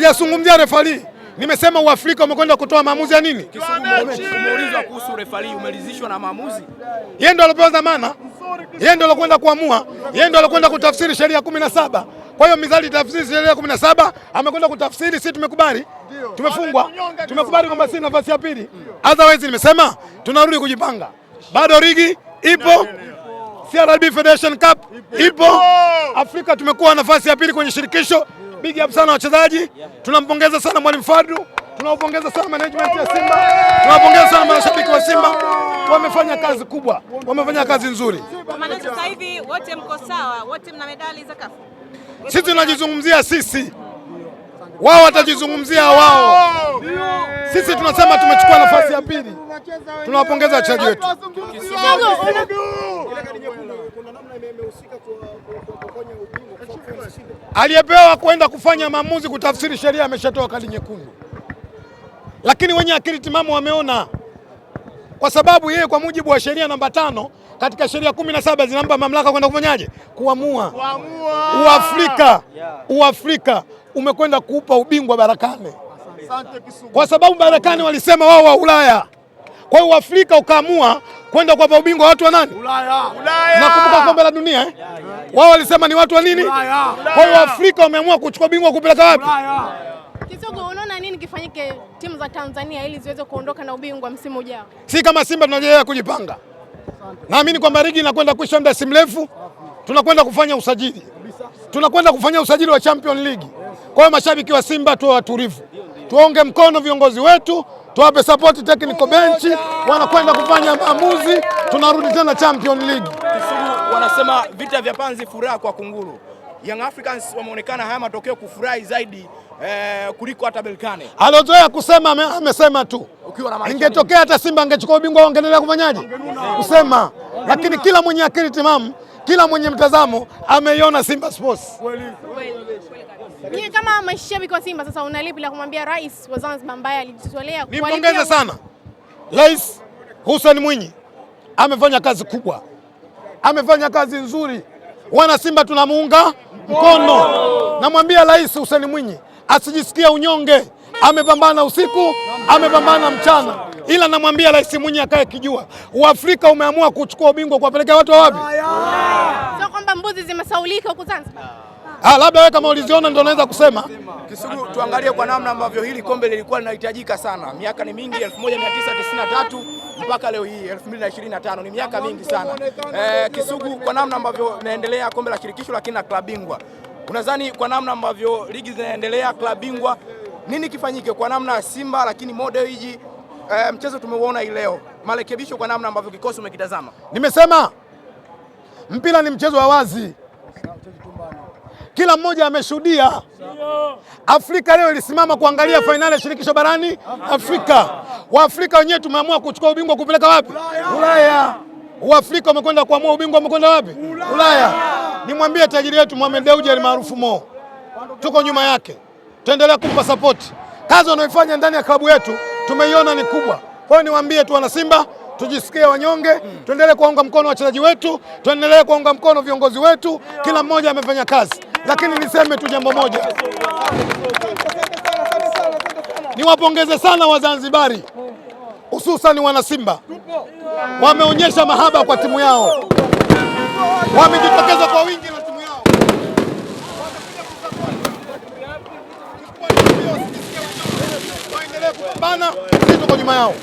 sijazungumzia refari, nimesema uafrika umekwenda kutoa maamuzi ya nini? Umeulizwa kuhusu refali, umeridhishwa na maamuzi? Yeye ndo alipewa dhamana, yeye ndo alikwenda kuamua, yeye ndo alikwenda kutafsiri sheria ya kumi na saba. Kwa hiyo mizali tafsiri sheria ya kumi na saba amekwenda kutafsiri, sisi tumekubali, tumefungwa, tumekubali kwamba sisi nafasi ya pili. Otherwise nimesema tunarudi kujipanga, bado ligi ipo CRB Federation Cup ipo Afrika, tumekuwa nafasi ya pili kwenye shirikisho Big up sana wachezaji, tunampongeza sana mwalimu Fadlu, tunampongeza sana management ya Simba, tunawapongeza sana mashabiki wa Simba. Wamefanya kazi kubwa, wamefanya kazi nzuri. Maana sasa hivi wote mko sawa, wote mna medali za kafu. Sisi tunajizungumzia sisi, wao watajizungumzia wao. Sisi tunasema tumechukua nafasi ya pili. Tunawapongeza wachezaji wetu aliyepewa kwenda kufanya maamuzi kutafsiri sheria ameshatoa kadi nyekundu, lakini wenye akili timamu wameona, kwa sababu yeye kwa mujibu wa sheria namba tano katika sheria kumi na saba zinampa mamlaka kwenda kufanyaje? Kuamua. Uafrika, Uafrika umekwenda kuupa ubingwa Barakane kwa sababu Barakane walisema wao wa Ulaya, kwa hiyo Uafrika ukaamua kwenda kuwapa ubingwa watu wa nani? Ulaya. Nakumbuka kombe la dunia eh? Wao walisema ni watu wa nini? Kwa hiyo Afrika wameamua kuchukua bingwa kupeleka wapi? Kisogo, unaona nini kifanyike timu za Tanzania ili ziweze kuondoka na ubingwa msimu ujao? Si kama Simba tunaendelea kujipanga. Naamini kwamba ligi inakwenda kuisha muda si mrefu, tunakwenda kufanya usajili, tunakwenda kufanya usajili wa Champion League. Kwa hiyo mashabiki wa Simba tuwe watulivu, tuonge mkono viongozi wetu tuwape support technical bench, wanakwenda kufanya maamuzi, tunarudi tena Champion League. Kisugu wanasema vita vya panzi, furaha kwa kunguru. Young Africans wameonekana haya matokeo kufurahi zaidi eh, kuliko hata Berkane aliozoea kusema ame, amesema tu. Ingetokea hata Simba angechukua ubingwa wangeendelea kufanyaje kusema, lakini kila mwenye akili timamu kila mwenye mtazamo ameiona Simba Sports. Nyie kama mashabiki wa Simba sasa, unalipi la kumwambia rais wa Zanzibar ambaye alijitolea? Nimpongeze sana Rais Hussein Mwinyi, amefanya kazi kubwa, amefanya kazi nzuri. Wana Simba tunamuunga mkono, namwambia Rais Hussein Mwinyi asijisikia unyonge, amepambana usiku amepambana mchana, ila namwambia Rais Mwinyi akae kijua, Uafrika umeamua kuchukua ubingwa kuwapelekea watu wapi? Sio kwamba mbuzi zimesaulika huku Zanzibar. Ah, labda wewe kama uliziona ndio unaweza kusema. Kisugu, tuangalie kwa namna ambavyo hili kombe lilikuwa linahitajika sana. Miaka ni mingi 1993 mpaka leo hii 2025 ni miaka mingi sana. Eh, Kisugu, kwa namna ambavyo naendelea kombe la shirikisho lakini na klabu bingwa, unadhani kwa namna ambavyo ligi zinaendelea klabu bingwa nini kifanyike kwa namna ya Simba, lakini model hiji e, eh, mchezo tumeuona hii leo, marekebisho kwa namna ambavyo kikosi umekitazama. Nimesema mpira ni mchezo wa wazi, kila mmoja ameshuhudia. Afrika leo ilisimama kuangalia fainali ya shirikisho barani Afrika. Waafrika wenyewe tumeamua kuchukua ubingwa kupeleka wapi? Ulaya. uafrika wamekwenda kuamua ubingwa, wamekwenda wapi? Ulaya. Nimwambie tajiri wetu Mohamed Dewji almaarufu Mo, tuko nyuma yake tuendelee kumpa support. Kazi wanaoifanya ndani ya klabu yetu tumeiona ni kubwa. Kwa hiyo niwaambie tu wanasimba, tujisikie wanyonge mm. Tuendelee kuwaunga mkono wachezaji wetu, tuendelee kuwaunga mkono viongozi wetu, kila mmoja amefanya kazi, lakini niseme tu jambo moja, niwapongeze sana Wazanzibari hususani wanasimba, wameonyesha mahaba kwa timu yao, wamejitokeza kwa wingi. bana, sisi tuko nyuma yao.